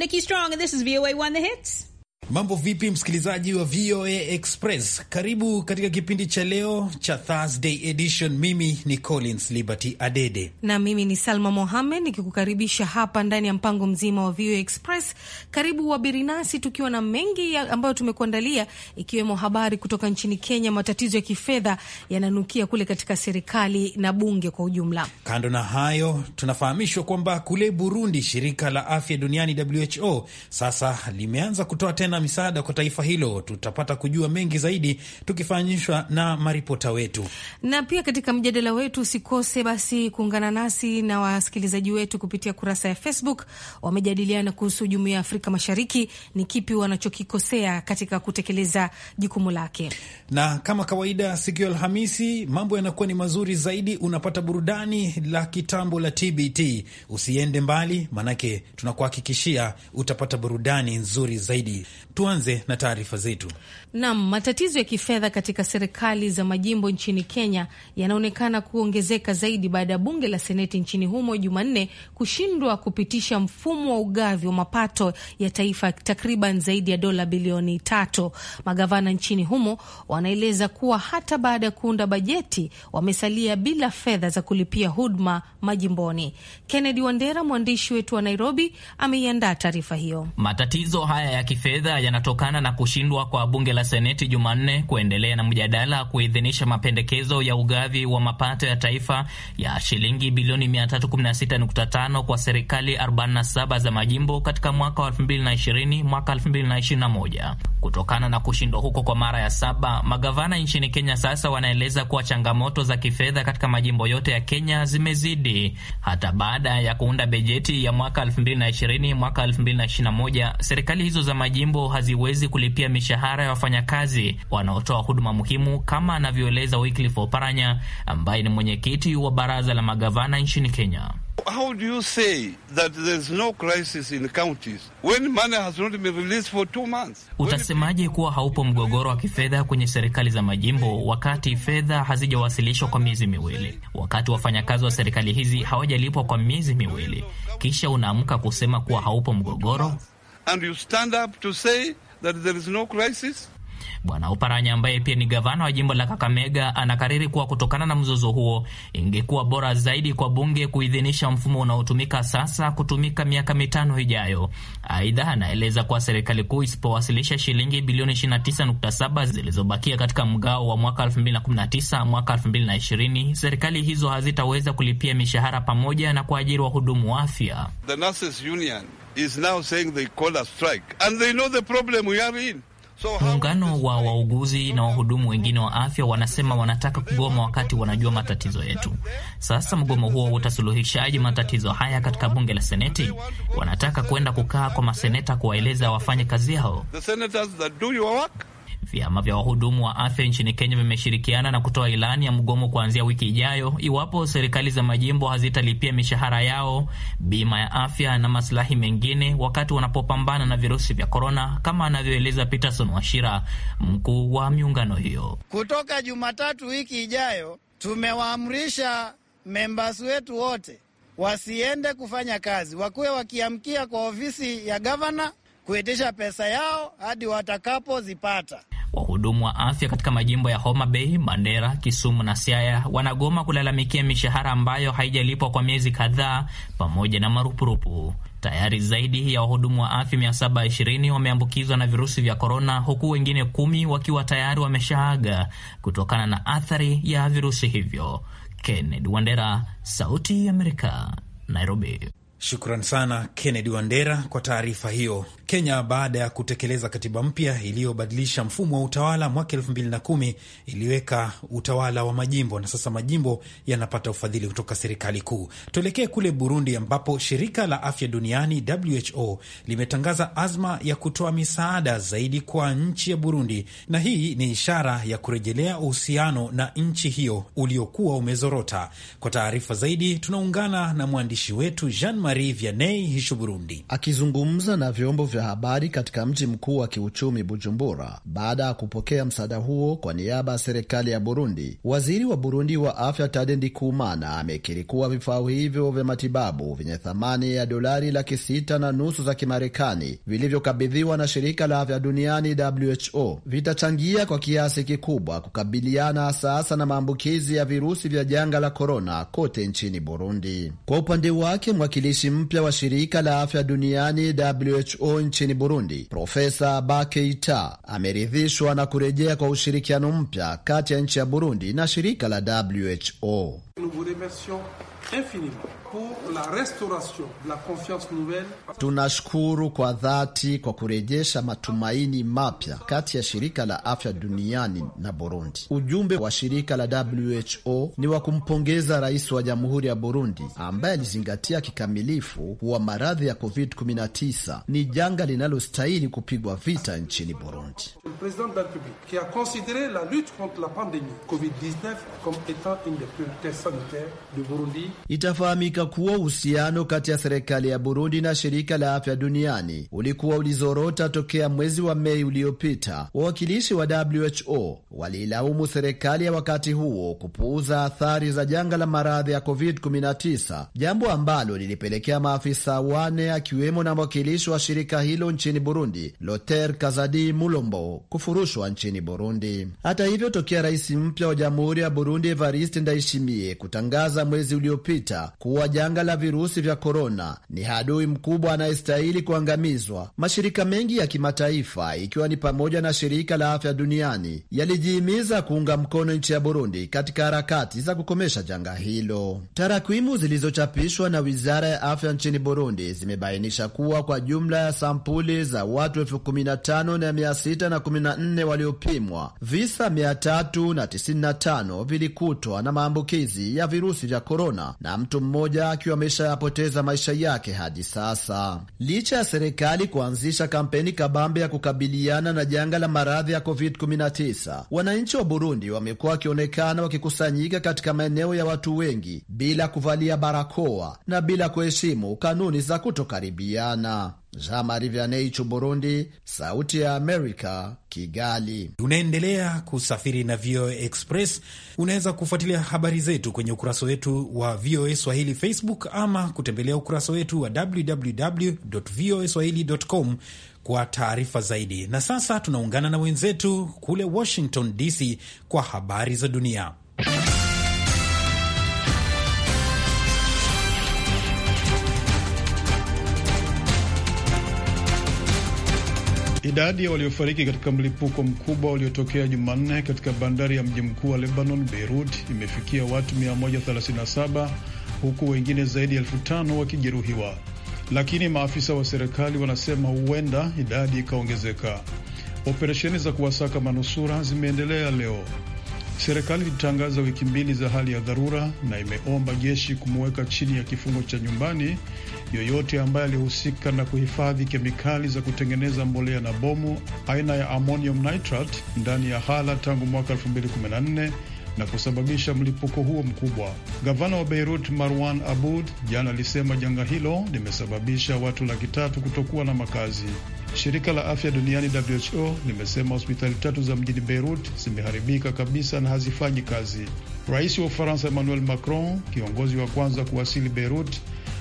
Nikki Strong, and this is VOA One The Hits. Mambo vipi, msikilizaji wa VOA Express, karibu katika kipindi cha leo cha Thursday edition. Mimi ni Collins Liberty Adede na mimi ni Salma Mohamed nikikukaribisha hapa ndani ya mpango mzima wa VOA Express. Karibu wabiri nasi tukiwa na mengi ambayo tumekuandalia, ikiwemo habari kutoka nchini Kenya. Matatizo ya kifedha yananukia kule katika serikali na bunge kwa ujumla. Kando na hayo, tunafahamishwa kwamba kule Burundi shirika la afya duniani WHO sasa limeanza kutoa tena misaada kwa taifa hilo. Tutapata kujua mengi zaidi tukifanyishwa na maripota wetu, na pia katika mjadala wetu usikose basi kuungana nasi na wasikilizaji wetu kupitia kurasa ya Facebook. Wamejadiliana kuhusu jumuiya ya Afrika Mashariki, ni kipi wanachokikosea katika kutekeleza jukumu lake. Na kama kawaida, siku ya Alhamisi mambo yanakuwa ni mazuri zaidi, unapata burudani la kitambo la TBT. Usiende mbali, manake tunakuhakikishia utapata burudani nzuri zaidi. Tuanze na taarifa zetu. Naam, matatizo ya kifedha katika serikali za majimbo nchini Kenya yanaonekana kuongezeka zaidi baada ya bunge la seneti nchini humo Jumanne kushindwa kupitisha mfumo wa ugavi wa mapato ya taifa takriban zaidi ya dola bilioni tatu. Magavana nchini humo wanaeleza kuwa hata baada ya kuunda bajeti wamesalia bila fedha za kulipia huduma majimboni. Kennedy Wandera, mwandishi wetu wa Nairobi, ameiandaa taarifa hiyo. Matatizo haya ya kifedha yanatokana na kushindwa kwa bunge la Seneti Jumanne kuendelea na mjadala kuidhinisha mapendekezo ya ugavi wa mapato ya taifa ya shilingi bilioni 316.5 kwa serikali 47 za majimbo katika mwaka wa 2020 mwaka 2021. Kutokana na kushindwa huko kwa mara ya saba, magavana nchini Kenya sasa wanaeleza kuwa changamoto za kifedha katika majimbo yote ya Kenya zimezidi hata baada ya kuunda bejeti ya mwaka 2020 mwaka 2021. Serikali hizo za majimbo haziwezi kulipia mishahara ya wafanyakazi wanaotoa huduma muhimu, kama anavyoeleza Wycliffe Oparanya ambaye ni mwenyekiti wa baraza la magavana nchini Kenya. How do you say that there's no crisis in counties when money has not been released for two months? Utasemaje kuwa haupo mgogoro wa kifedha kwenye serikali za majimbo wakati fedha hazijawasilishwa kwa miezi miwili, wakati wafanyakazi wa serikali hizi hawajalipwa kwa miezi miwili, kisha unaamka kusema kuwa haupo mgogoro? and you stand up to say that there is no crisis. Bwana Oparanya ambaye pia ni gavana wa jimbo la Kakamega anakariri kuwa kutokana na mzozo huo ingekuwa bora zaidi kwa bunge kuidhinisha mfumo unaotumika sasa kutumika miaka mitano ijayo. Aidha, anaeleza kuwa serikali kuu isipowasilisha shilingi bilioni 29.7 zilizobakia katika mgao wa mwaka 2019 mwaka 2020, serikali hizo hazitaweza kulipia mishahara pamoja na kuajiri wahudumu wa afya. The Nurses Union is now saying they call a strike and they know the problem we are in. Muungano wa wauguzi na wahudumu wengine wa afya wanasema wanataka kugoma wakati wanajua matatizo yetu. Sasa mgomo huo utasuluhishaje matatizo haya katika bunge la Seneti? Wanataka kwenda kukaa kwa maseneta kuwaeleza wafanye kazi yao. The Vyama vya wahudumu wa afya nchini Kenya vimeshirikiana na kutoa ilani ya mgomo kuanzia wiki ijayo iwapo serikali za majimbo hazitalipia mishahara yao, bima ya afya na masilahi mengine wakati wanapopambana na virusi vya korona, kama anavyoeleza Peterson Washira, mkuu wa miungano hiyo. Kutoka Jumatatu wiki ijayo, tumewaamrisha members wetu wote wasiende kufanya kazi, wakuwe wakiamkia kwa ofisi ya gavana kuitisha pesa yao hadi watakapozipata. Wahudumu wa afya katika majimbo ya Homa Bay, Mandera, Kisumu na Siaya wanagoma kulalamikia mishahara ambayo haijalipwa kwa miezi kadhaa pamoja na marupurupu. Tayari zaidi ya wahudumu wa afya 720 wameambukizwa na virusi vya korona, huku wengine kumi wakiwa tayari wameshaaga kutokana na athari ya virusi hivyo. Kennedy Wandera, Sauti ya Amerika, Nairobi. Shukran sana Kennedy Wandera kwa taarifa hiyo. Kenya baada ya kutekeleza katiba mpya iliyobadilisha mfumo wa utawala mwaka elfu mbili na kumi iliweka utawala wa majimbo na sasa majimbo yanapata ufadhili kutoka serikali kuu. Tuelekee kule Burundi ambapo shirika la afya duniani WHO limetangaza azma ya kutoa misaada zaidi kwa nchi ya Burundi, na hii ni ishara ya kurejelea uhusiano na nchi hiyo uliokuwa umezorota. Kwa taarifa zaidi, tunaungana na mwandishi wetu Jean Marie Vianney Hishu, Burundi, akizungumza na vyombo vya vya habari katika mji mkuu wa kiuchumi Bujumbura baada ya kupokea msaada huo kwa niaba ya serikali ya Burundi. Waziri wa Burundi wa afya Tadendi Kumana amekiri kuwa vifaa hivyo vya matibabu vyenye thamani ya dolari laki sita na nusu za Kimarekani vilivyokabidhiwa na shirika la afya duniani WHO vitachangia kwa kiasi kikubwa kukabiliana sasa na maambukizi ya virusi vya janga la korona kote nchini Burundi. Kwa upande wake mwakilishi mpya wa shirika la afya duniani WHO nchini Burundi, Profesa Bakeita ameridhishwa na kurejea kwa ushirikiano mpya kati ya nchi ya Burundi na shirika la WHO. Tunashukuru kwa dhati kwa kurejesha matumaini mapya kati ya shirika la afya duniani na Burundi. Ujumbe wa shirika la WHO ni wa kumpongeza rais wa jamhuri ya Burundi ambaye alizingatia kikamilifu kuwa maradhi ya COVID-19 ni janga linalostahili kupigwa vita nchini Burundi. Itafahamika ilibainika kuwa uhusiano kati ya serikali ya Burundi na shirika la afya duniani ulikuwa ulizorota tokea mwezi wa Mei uliopita. Wawakilishi wa WHO waliilaumu serikali ya wakati huo kupuuza athari za janga la maradhi ya COVID-19, jambo ambalo lilipelekea maafisa wane akiwemo na mwakilishi wa shirika hilo nchini Burundi, Loter Kazadi Mulombo, kufurushwa nchini Burundi. Hata hivyo, tokea rais mpya wa jamhuri ya Burundi Evariste Ndayishimiye kutangaza mwezi uliopita kuwa janga la virusi vya korona ni adui mkubwa anayestahili kuangamizwa. Mashirika mengi ya kimataifa ikiwa ni pamoja na shirika la afya duniani yalijihimiza kuunga mkono nchi ya Burundi katika harakati za kukomesha janga hilo. Takwimu zilizochapishwa na wizara ya afya nchini Burundi zimebainisha kuwa kwa jumla ya sampuli za watu elfu kumi na tano na mia sita na kumi na nne waliopimwa, visa mia tatu na tisini na tano vilikutwa na maambukizi ya virusi vya korona na mtu mmoja mmoja akiwa ameshayapoteza maisha yake hadi sasa. Licha ya serikali kuanzisha kampeni kabambe ya kukabiliana na janga la maradhi ya COVID-19, wananchi wa Burundi wamekuwa wakionekana wakikusanyika katika maeneo ya watu wengi bila kuvalia barakoa na bila kuheshimu kanuni za kutokaribiana. Jean Marie Vianney Burundi. Sauti ya Amerika, Kigali. Unaendelea kusafiri na VOA Express. Unaweza kufuatilia habari zetu kwenye ukurasa wetu wa VOA Swahili Facebook ama kutembelea ukurasa wetu wa www voa swahili com kwa taarifa zaidi. Na sasa tunaungana na wenzetu kule Washington DC kwa habari za dunia. Idadi ya waliofariki katika mlipuko mkubwa uliotokea Jumanne katika bandari ya mji mkuu wa Lebanon, Beirut, imefikia watu 137 huku wengine zaidi ya elfu tano wakijeruhiwa, lakini maafisa wa serikali wanasema huenda idadi ikaongezeka. Operesheni za kuwasaka manusura zimeendelea leo. Serikali ilitangaza wiki mbili za hali ya dharura na imeomba jeshi kumuweka chini ya kifungo cha nyumbani yoyote ambaye alihusika na kuhifadhi kemikali za kutengeneza mbolea na bomu aina ya ammonium nitrate ndani ya hala tangu mwaka 2014 na kusababisha mlipuko huo mkubwa. Gavana wa Beirut Marwan Aboud jana alisema janga hilo limesababisha watu laki tatu kutokuwa na makazi. Shirika la afya duniani WHO limesema hospitali tatu za mjini Beirut zimeharibika kabisa na hazifanyi kazi. Rais wa Ufaransa Emmanuel Macron, kiongozi wa kwanza kuwasili Beirut,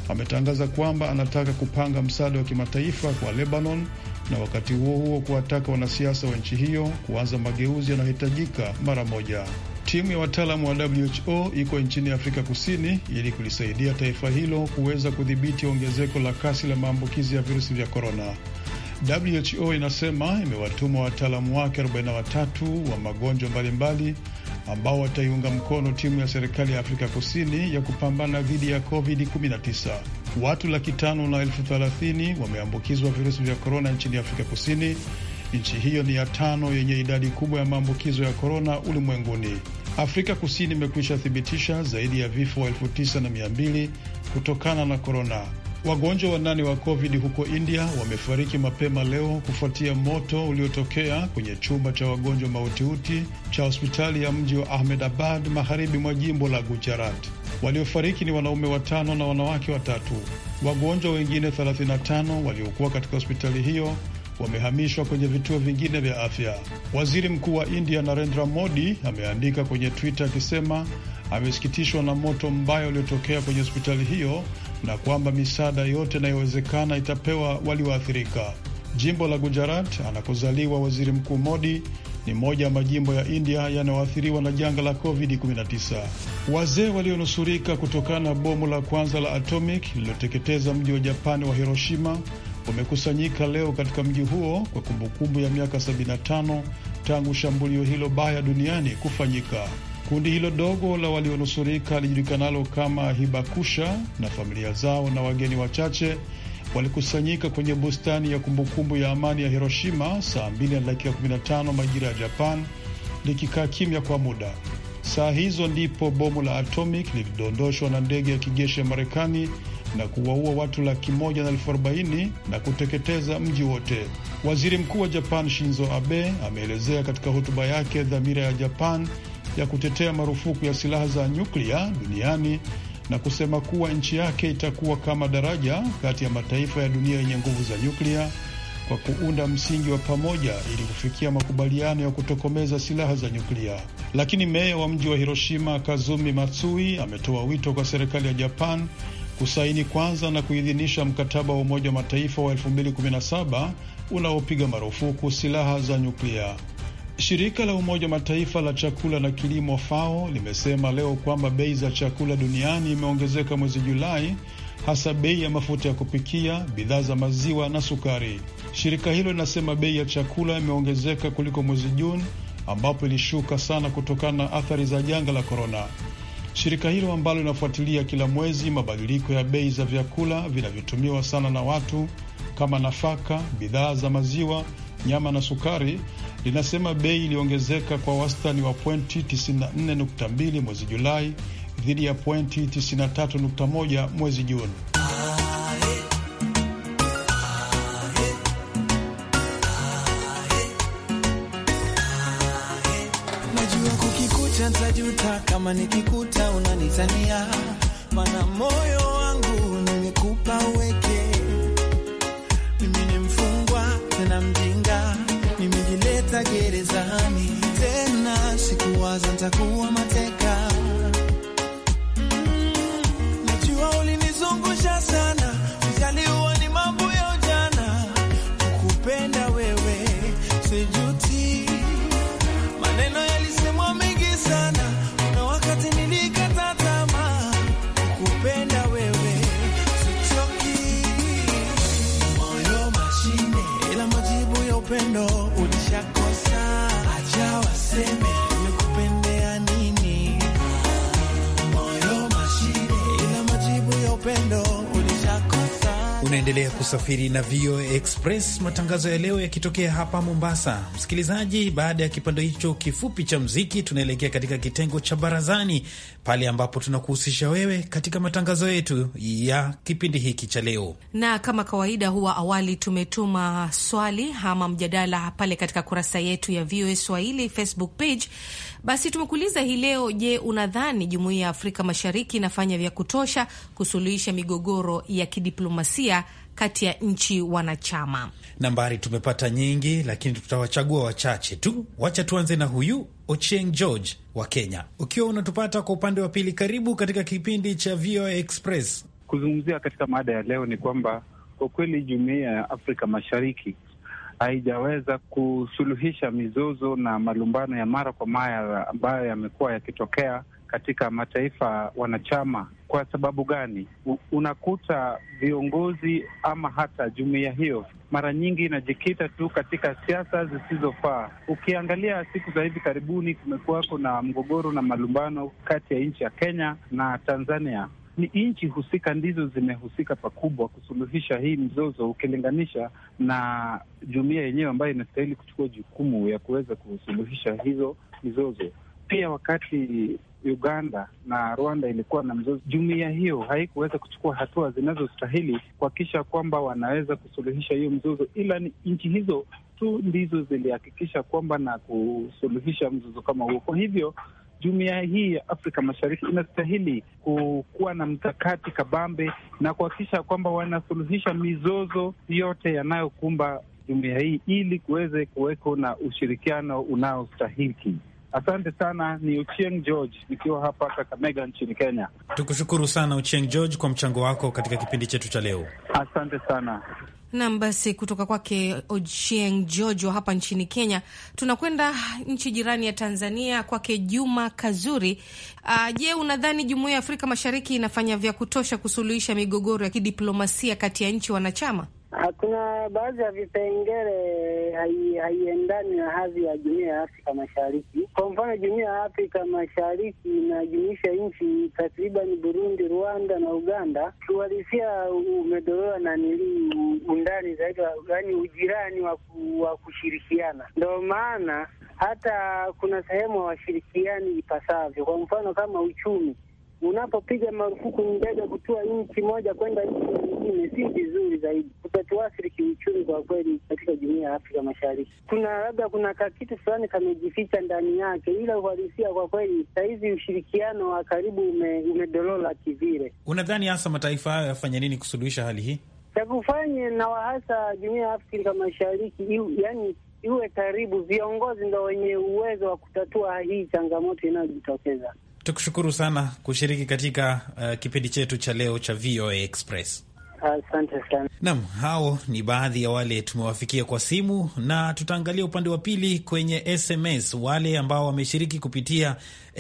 ametangaza kwamba anataka kupanga msaada wa kimataifa kwa Lebanon na wakati huo huo kuwataka wanasiasa wa nchi hiyo kuanza mageuzi yanayohitajika mara moja. Timu ya wataalamu wa WHO iko nchini Afrika Kusini ili kulisaidia taifa hilo kuweza kudhibiti ongezeko la kasi la maambukizi ya virusi vya korona. WHO inasema imewatuma wataalamu wake 43 wa magonjwa mbalimbali ambao wataiunga mkono timu ya serikali ya Afrika Kusini ya kupambana dhidi ya COVID-19. Watu laki tano na elfu thelathini wameambukizwa virusi vya korona nchini Afrika Kusini. Nchi hiyo ni ya tano yenye idadi kubwa ya maambukizo ya korona ulimwenguni. Afrika Kusini imekwisha thibitisha zaidi ya vifo elfu tisa na mia mbili kutokana na korona. Wagonjwa wanane wa COVID huko India wamefariki mapema leo kufuatia moto uliotokea kwenye chumba cha wagonjwa mautiuti cha hospitali ya mji wa Ahmedabad magharibi mwa jimbo la Gujarat. Waliofariki ni wanaume watano na wanawake watatu. Wagonjwa wengine 35 waliokuwa katika hospitali hiyo wamehamishwa kwenye vituo vingine vya afya. Waziri Mkuu wa India Narendra Modi ameandika kwenye Twitter akisema amesikitishwa na moto mbaya uliotokea kwenye hospitali hiyo na kwamba misaada yote inayowezekana itapewa walioathirika. Jimbo la Gujarat anakozaliwa Waziri Mkuu Modi ni moja ya majimbo ya India yanayoathiriwa na janga la COVID-19. Wazee walionusurika kutokana na bomu la kwanza la atomic lililoteketeza mji wa Japani wa Hiroshima wamekusanyika leo katika mji huo kwa kumbukumbu ya miaka 75 tangu shambulio hilo baya duniani kufanyika. Kundi hilo dogo la walionusurika lijulikanalo kama Hibakusha na familia zao na wageni wachache walikusanyika kwenye bustani ya kumbukumbu ya amani ya Hiroshima saa 2 na dakika 15 majira ya Japan, likikaa kimya kwa muda. Saa hizo ndipo bomu la atomic lilidondoshwa na ndege ya kijeshi ya Marekani na kuwaua watu laki moja na elfu arobaini na kuteketeza mji wote. Waziri Mkuu wa Japan Shinzo Abe ameelezea katika hotuba yake dhamira ya Japan ya kutetea marufuku ya silaha za nyuklia duniani na kusema kuwa nchi yake itakuwa kama daraja kati ya mataifa ya dunia yenye nguvu za nyuklia kwa kuunda msingi wa pamoja ili kufikia makubaliano ya kutokomeza silaha za nyuklia. Lakini meya wa mji wa Hiroshima Kazumi Matsui ametoa wito kwa serikali ya Japan kusaini kwanza na kuidhinisha mkataba wa Umoja wa Mataifa wa 2017 unaopiga marufuku silaha za nyuklia. Shirika la Umoja wa Mataifa la chakula na kilimo FAO limesema leo kwamba bei za chakula duniani imeongezeka mwezi Julai, hasa bei ya mafuta ya kupikia, bidhaa za maziwa na sukari. Shirika hilo linasema bei ya chakula imeongezeka kuliko mwezi Juni ambapo ilishuka sana kutokana na athari za janga la korona. Shirika hilo ambalo linafuatilia kila mwezi mabadiliko ya bei za vyakula vinavyotumiwa sana na watu kama nafaka, bidhaa za maziwa, nyama na sukari linasema bei iliongezeka kwa wastani wa pointi 94.2 mwezi Julai dhidi ya pointi 93.1 mwezi Juni. kama nikikuta unanizania, mana moyo unasafiri na VOA Express, matangazo ya leo yakitokea hapa Mombasa. Msikilizaji, baada ya kipande hicho kifupi cha mziki, tunaelekea katika kitengo cha barazani, pale ambapo tunakuhusisha wewe katika matangazo yetu ya kipindi hiki cha leo. Na kama kawaida, huwa awali tumetuma swali ama mjadala pale katika kurasa yetu ya VOA Swahili Facebook page. Basi tumekuuliza hii leo, je, unadhani jumuiya ya Afrika Mashariki inafanya vya kutosha kusuluhisha migogoro ya kidiplomasia kati ya nchi wanachama. Nambari tumepata nyingi, lakini tutawachagua wachache tu. Wacha tuanze na huyu Ochieng George wa Kenya. Ukiwa unatupata kwa upande wa pili, karibu katika kipindi cha VOA Express. Kuzungumzia katika mada ya leo ni kwamba kwa kweli jumuiya ya Afrika Mashariki haijaweza kusuluhisha mizozo na malumbano ya mara kwa mara ambayo yamekuwa yakitokea katika mataifa wanachama. Kwa sababu gani? Unakuta viongozi ama hata jumuiya hiyo mara nyingi inajikita tu katika siasa zisizofaa. Ukiangalia siku za hivi karibuni, kumekuwa kuna mgogoro na malumbano kati ya nchi ya Kenya na Tanzania. Ni nchi husika ndizo zimehusika pakubwa kusuluhisha hii mzozo, ukilinganisha na jumuiya yenyewe ambayo inastahili kuchukua jukumu ya kuweza kusuluhisha hizo mizozo. Pia wakati Uganda na Rwanda ilikuwa na mzozo, jumuiya hiyo haikuweza kuchukua hatua zinazostahili kuhakikisha kwamba wanaweza kusuluhisha hiyo mzozo, ila ni nchi hizo tu ndizo zilihakikisha kwamba na kusuluhisha mzozo kama huo. Kwa hivyo jumuiya hii ya Afrika Mashariki inastahili kuwa na mkakati kabambe na kuhakikisha kwamba wanasuluhisha mizozo yote yanayokumba jumuiya hii ili kuweze kuweko na ushirikiano unaostahiki. Asante sana, ni Uchieng George nikiwa hapa Kakamega nchini Kenya. Tukushukuru sana Uchieng George kwa mchango wako katika kipindi chetu cha leo. Asante sana. Nam, basi kutoka kwake Ochieng George wa hapa nchini Kenya, tunakwenda nchi jirani ya Tanzania, kwake Juma Kazuri. Uh, je, unadhani jumuiya ya Afrika Mashariki inafanya vya kutosha kusuluhisha migogoro ya kidiplomasia kati ya nchi wanachama? Ah, kuna baadhi ya vipengele haiendani na hadhi ya jumuiya ya Afrika Mashariki. Kwa mfano, jumuiya ya Afrika Mashariki inajumuisha nchi takribani Burundi, Rwanda na Uganda. Kiuhalisia umedoroa na nilii undani zaidi, yaani ujirani wa kushirikiana. Ndio maana hata kuna sehemu hawashirikiani ipasavyo, kwa mfano kama uchumi unapopiga marufuku ndege kutua nchi moja kwenda nchi nyingine, si vizuri zaidi, kutatuathiri kiuchumi kwa kweli katika jumuia ya Afrika Mashariki. Kuna labda kuna kakitu fulani kamejificha ndani yake, ila uhalisia kwa kweli sahizi ushirikiano wa karibu ume, umedolola kivile. Unadhani hasa mataifa hayo yafanya nini kusuluhisha hali hii? chakufanye na wahasa jumuia ya Afrika Mashariki yani iwe karibu, viongozi ndo wenye uwezo wa kutatua hii changamoto inayojitokeza tukushukuru sana kushiriki katika uh, kipindi chetu cha leo cha VOA Express. nam Naam, hao ni baadhi ya wale tumewafikia kwa simu, na tutaangalia upande wa pili kwenye SMS, wale ambao wameshiriki kupitia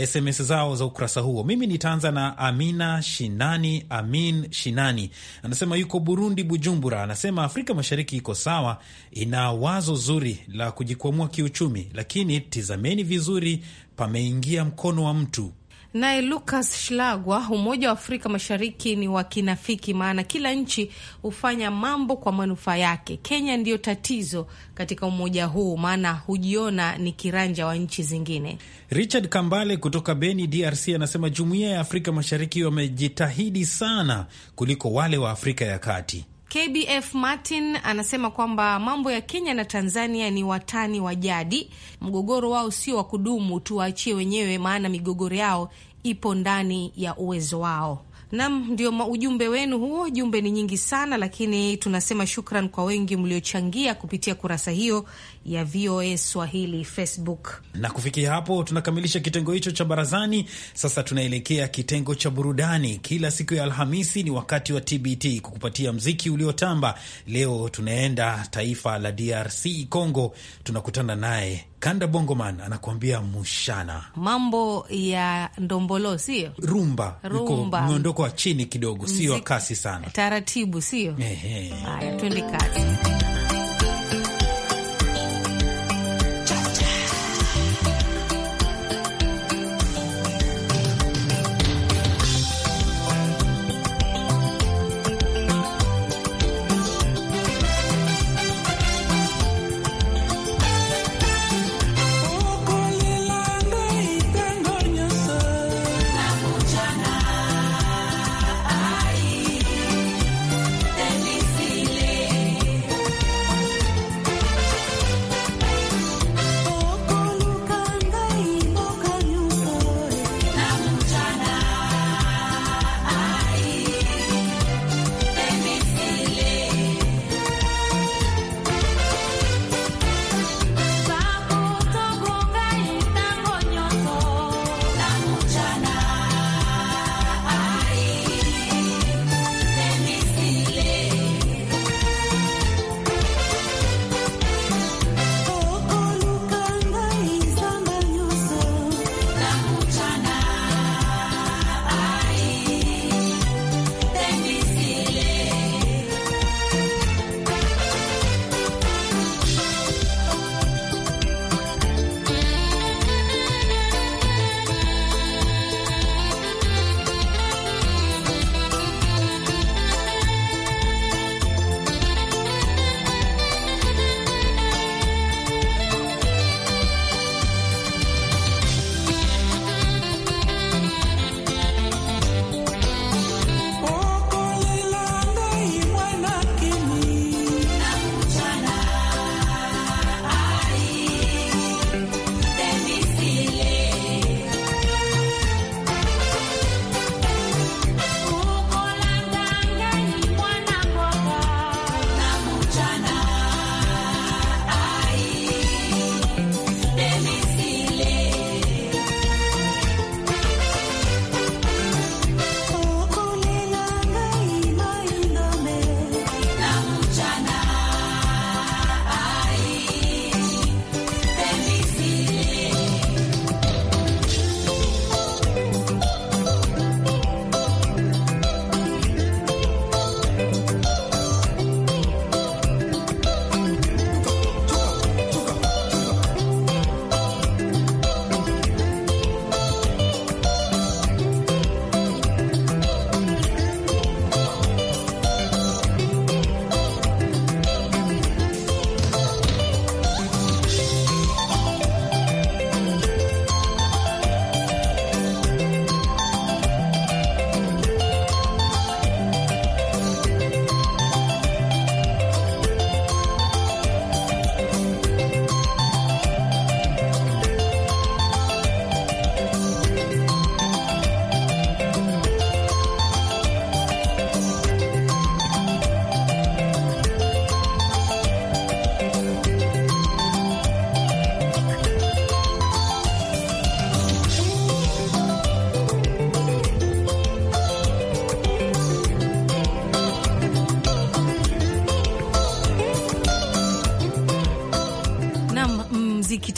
SMS zao za ukurasa huo. Mimi nitaanza na Amina Shinani. Amin Shinani anasema yuko Burundi, Bujumbura. Anasema Afrika Mashariki iko sawa, ina wazo zuri la kujikwamua kiuchumi, lakini tizameni vizuri, pameingia mkono wa mtu Naye Lucas Shlagwa, Umoja wa Afrika Mashariki ni wa kinafiki, maana kila nchi hufanya mambo kwa manufaa yake. Kenya ndiyo tatizo katika umoja huu, maana hujiona ni kiranja wa nchi zingine. Richard Kambale kutoka Beni, DRC, anasema jumuiya ya Afrika Mashariki wamejitahidi sana kuliko wale wa Afrika ya Kati. KBF Martin anasema kwamba mambo ya Kenya na Tanzania ni watani wa jadi. Mgogoro wao sio wa kudumu, tuwaachie wenyewe, maana migogoro yao ipo ndani ya uwezo wao. Nam, ndio ujumbe wenu huo. Jumbe ni nyingi sana, lakini tunasema shukran kwa wengi mliochangia kupitia kurasa hiyo ya VOA Swahili Facebook. Na kufikia hapo tunakamilisha kitengo hicho cha barazani. Sasa tunaelekea kitengo cha burudani. Kila siku ya Alhamisi ni wakati wa TBT kukupatia mziki uliotamba. Leo tunaenda taifa la DRC Congo, tunakutana naye Kanda Bongoman anakuambia mushana, mambo ya ndombolo, sio rumba, rumba, wa chini kidogo, sio kasi sana, taratibu, sio haya. Twende kazi.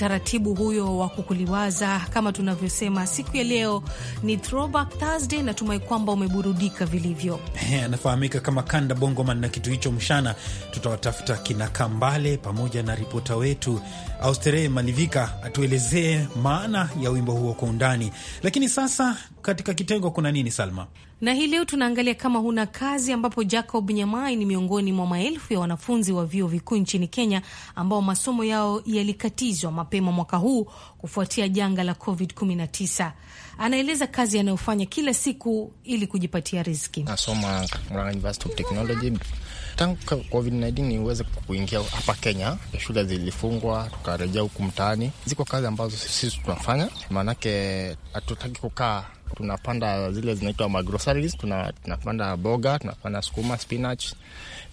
utaratibu huyo wa kukuliwaza kama tunavyosema siku ya leo ni Throwback Thursday. Natumai kwamba umeburudika vilivyo. Eh, anafahamika kama Kanda Bongoman na kitu hicho mshana. Tutawatafuta kina Kambale pamoja na ripota wetu Austere Malivika atuelezee maana ya wimbo huo kwa undani. Lakini sasa katika kitengo kuna nini, Salma? Na hii leo tunaangalia kama huna kazi, ambapo Jacob Nyamai ni miongoni mwa maelfu ya wanafunzi wa vyuo vikuu nchini Kenya ambao masomo yao yalikatizwa mapema mwaka huu kufuatia janga la COVID-19 anaeleza kazi anayofanya kila siku ili kujipatia riziki. Nasoma Murang'a University of Technology. Tangu COVID-19 niweze kuingia hapa Kenya, shule zilifungwa, tukarejea huku mtaani. Ziko kazi ambazo sisi tunafanya, maanake hatutaki kukaa tunapanda zile zinaitwa magroceries, tunapanda boga, tunapanda sukuma, spinach,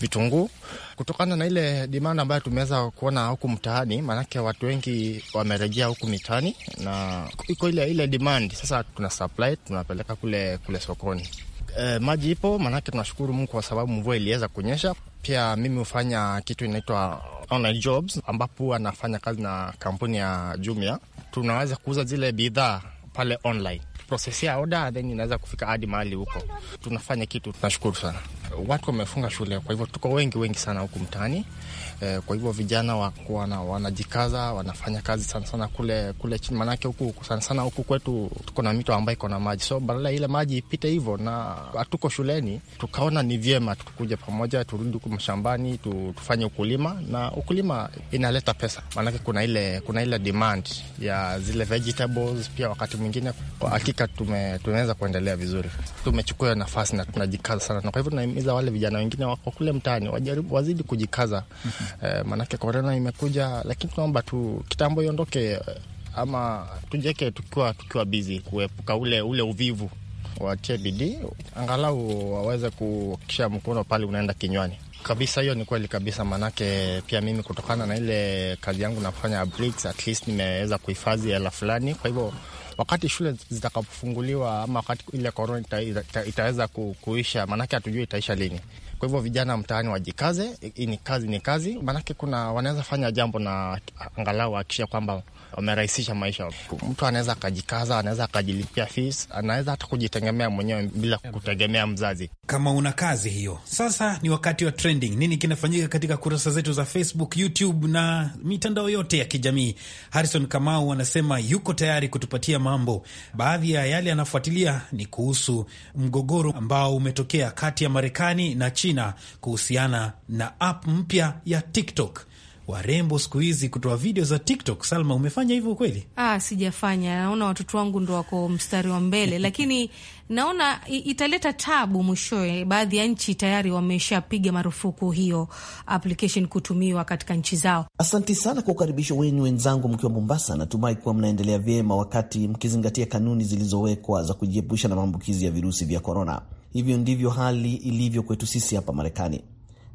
vitunguu, kutokana na ile demand ambayo tumeweza kuona huku mtaani, maanake watu wengi wamerejea huku mitaani na iko ile ile demand. Sasa tuna supply, tunapeleka kule kule sokoni. E, maji ipo, maanake tunashukuru Mungu kwa sababu mvua iliweza kunyesha. Pia mimi hufanya kitu inaitwa online jobs, ambapo anafanya kazi na kampuni ya Jumia. Tunaweza kuuza zile bidhaa pale online, prosesia oda then inaweza kufika hadi mahali huko. Tunafanya kitu, tunashukuru sana watu wamefunga shule, kwa hivyo tuko wengi wengi sana huku mtaani. E, kwa hivyo vijana wanajikaza, wana wanafanya kazi sana sana kule kule chini, manake huku sana sana huku kwetu tuko na mito ambayo iko na maji, so badala ile maji ipite hivyo na hatuko shuleni, tukaona ni vyema tukuja pamoja, turudi huku mashambani, tu, tufanye ukulima, na ukulima inaleta pesa, manake kuna ile kuna ile demand ya zile vegetables pia. Wakati mwingine, kwa hakika tumeweza kuendelea vizuri, tumechukua nafasi na tunajikaza sana, na kwa hivyo kuwahimiza wale vijana wengine wako kule mtaani wajaribu, wazidi kujikaza mm -hmm. E, manake korona imekuja, lakini tunaomba tu kitambo iondoke, eh, ama tujeke tukiwa tukiwa bizi kuepuka ule ule uvivu. Watie bidii angalau waweze kukisha mkono pale unaenda kinywani kabisa. Hiyo ni kweli kabisa, maanake pia mimi kutokana na ile kazi yangu nafanya at least nimeweza kuhifadhi hela fulani, kwa hivyo wakati shule zitakapofunguliwa ama wakati ile korona ita, ita, itaweza kuisha, maanake hatujui itaisha lini. Kwa hivyo vijana mtaani wajikaze, ni kazi ni kazi, maanake kuna wanaweza fanya jambo na angalau hakikisha kwamba wamerahisisha maisha. Mtu anaweza akajikaza, anaweza akajilipia fees, anaweza hata kujitegemea mwenyewe bila kutegemea mzazi. Kama una kazi hiyo, sasa ni wakati wa trending. Nini kinafanyika katika kurasa zetu za Facebook, YouTube na mitandao yote ya kijamii? Harrison Kamau anasema yuko tayari kutupatia mambo. Baadhi ya yale anafuatilia ni kuhusu mgogoro ambao umetokea kati ya Marekani na China kuhusiana na app mpya ya TikTok warembo siku hizi kutoa video za TikTok. Salma, umefanya hivyo kweli? Ah, sijafanya. Naona watoto wangu ndo wako mstari wa mbele lakini naona italeta tabu mwishowe. Baadhi ya nchi tayari wameshapiga marufuku hiyo application kutumiwa katika nchi zao. Asanti sana kwa ukaribisho wenu wenzangu, mkiwa Mombasa. Natumai kuwa mnaendelea vyema wakati mkizingatia kanuni zilizowekwa za kujiepusha na maambukizi ya virusi vya korona. Hivyo ndivyo hali ilivyo kwetu sisi hapa Marekani.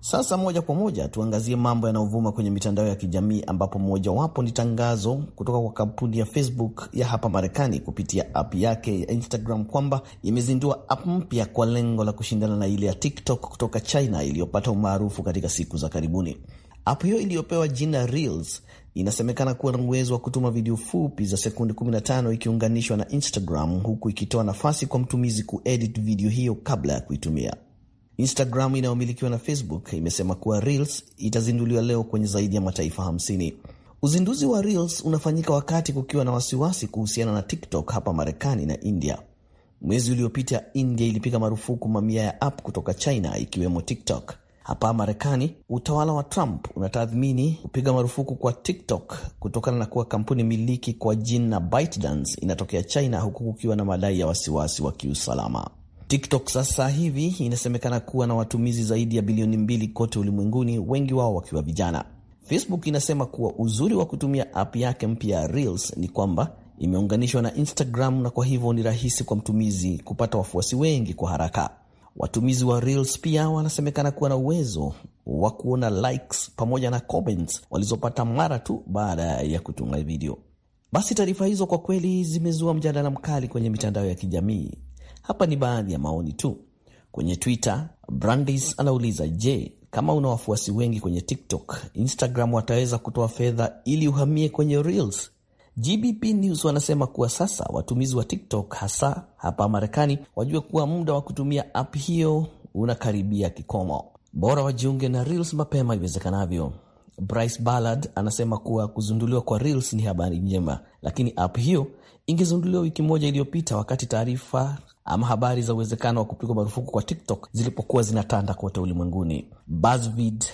Sasa moja kwa moja tuangazie mambo yanayovuma kwenye mitandao ya kijamii ambapo mojawapo ni tangazo kutoka kwa kampuni ya Facebook ya hapa Marekani kupitia app yake ya Instagram kwamba imezindua app mpya kwa lengo la kushindana na ile ya TikTok kutoka China iliyopata umaarufu katika siku za karibuni. App hiyo iliyopewa jina Reels inasemekana kuwa na uwezo wa kutuma video fupi za sekundi 15 ikiunganishwa na Instagram huku ikitoa nafasi kwa mtumizi kuedit video hiyo kabla ya kuitumia. Instagram inayomilikiwa na Facebook imesema kuwa Reels itazinduliwa leo kwenye zaidi ya mataifa 50. Uzinduzi wa Reels unafanyika wakati kukiwa na wasiwasi kuhusiana na TikTok hapa Marekani na India. Mwezi uliopita, India ilipiga marufuku mamia ya app kutoka China ikiwemo TikTok. Hapa Marekani, utawala wa Trump unatathmini kupiga marufuku kwa TikTok kutokana na kuwa kampuni miliki kwa jina ByteDance inatokea China, huku kukiwa na madai ya wasiwasi wa kiusalama. TikTok sasa hivi inasemekana kuwa na watumizi zaidi ya bilioni mbili kote ulimwenguni, wengi wao wakiwa vijana. Facebook inasema kuwa uzuri wa kutumia app yake mpya ya Reels ni kwamba imeunganishwa na Instagram na kwa hivyo ni rahisi kwa mtumizi kupata wafuasi wengi kwa haraka. Watumizi wa Reels pia wanasemekana kuwa na uwezo wa kuona likes pamoja na comments walizopata mara tu baada ya kutunga video. Basi taarifa hizo kwa kweli zimezua mjadala mkali kwenye mitandao ya kijamii hapa ni baadhi ya maoni tu kwenye Twitter. Brandis anauliza, je, kama una wafuasi wengi kwenye TikTok, Instagram wataweza kutoa fedha ili uhamie kwenye Reels? GBP News wanasema kuwa sasa watumizi wa TikTok hasa hapa Marekani wajue kuwa muda wa kutumia app hiyo unakaribia kikomo, bora wajiunge na Reels mapema iwezekanavyo. Bryce Ballard anasema kuwa kuzunduliwa kwa Reels ni habari njema, lakini app hiyo ingezunduliwa wiki moja iliyopita, wakati taarifa ama habari za uwezekano wa kupigwa marufuku kwa TikTok zilipokuwa zinatanda kote ulimwenguni. BuzzFeed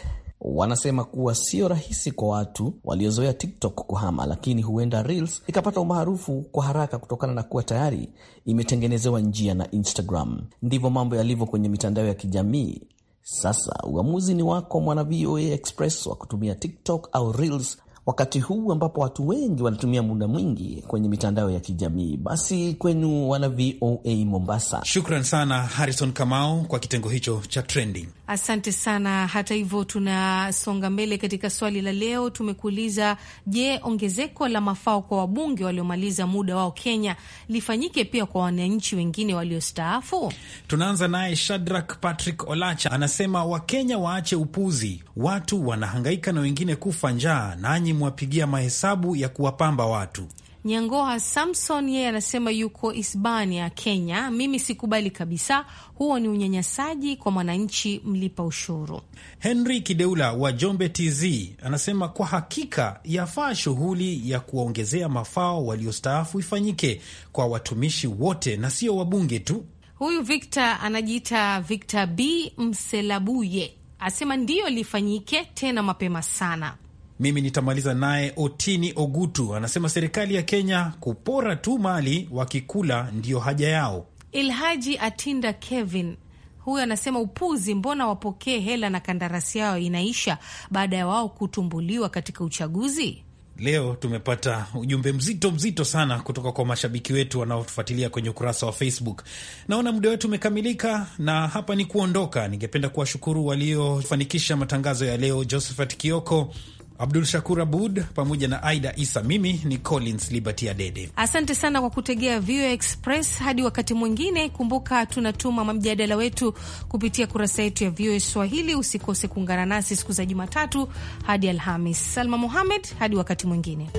wanasema kuwa sio rahisi kwa watu waliozoea TikTok kuhama, lakini huenda Reels ikapata umaarufu kwa haraka kutokana na kuwa tayari imetengenezewa njia na Instagram. Ndivyo mambo yalivyo kwenye mitandao ya kijamii. Sasa uamuzi ni wako, mwana VOA Express, wa kutumia TikTok au Reels wakati huu ambapo watu wengi wanatumia muda mwingi kwenye mitandao ya kijamii. Basi kwenu wana VOA Mombasa, shukran sana Harrison Kamau kwa kitengo hicho cha trending. Asante sana. Hata hivyo, tunasonga mbele katika swali la leo. Tumekuuliza, je, ongezeko la mafao kwa wabunge waliomaliza muda wao Kenya lifanyike pia kwa wananchi wengine waliostaafu? Tunaanza naye Shadrack Patrick Olacha, anasema Wakenya waache upuzi, watu wanahangaika na wengine kufa njaa, nanyi mwapigia mahesabu ya kuwapamba watu. Nyangoha Samson yeye anasema yuko Hispania, Kenya. Mimi sikubali kabisa, huo ni unyanyasaji kwa mwananchi mlipa ushuru. Henry Kideula wa Jombe TZ anasema kwa hakika yafaa shughuli ya kuwaongezea mafao waliostaafu ifanyike kwa watumishi wote na sio wabunge tu. Huyu Victor anajiita Victor B Mselabuye asema ndiyo lifanyike tena mapema sana. Mimi nitamaliza naye. Otini Ogutu anasema serikali ya Kenya kupora tu mali wakikula ndiyo haja yao. Ilhaji Atinda Kevin huyo anasema upuzi, mbona wapokee hela na kandarasi yao inaisha baada ya wao kutumbuliwa katika uchaguzi. Leo tumepata ujumbe mzito mzito sana kutoka kwa mashabiki wetu wanaotufuatilia kwenye ukurasa wa Facebook. Naona muda wetu umekamilika na hapa ni kuondoka. Ningependa kuwashukuru waliofanikisha matangazo ya leo, Josephat Kioko Abdul Shakur Abud pamoja na Aida Isa. Mimi ni Collins Liberty Adede, asante sana kwa kutegea VOA Express. Hadi wakati mwingine, kumbuka tunatuma mjadala wetu kupitia kurasa yetu ya VOA Swahili. Usikose kuungana nasi siku za Jumatatu hadi Alhamis. Salma Muhamed, hadi wakati mwingine.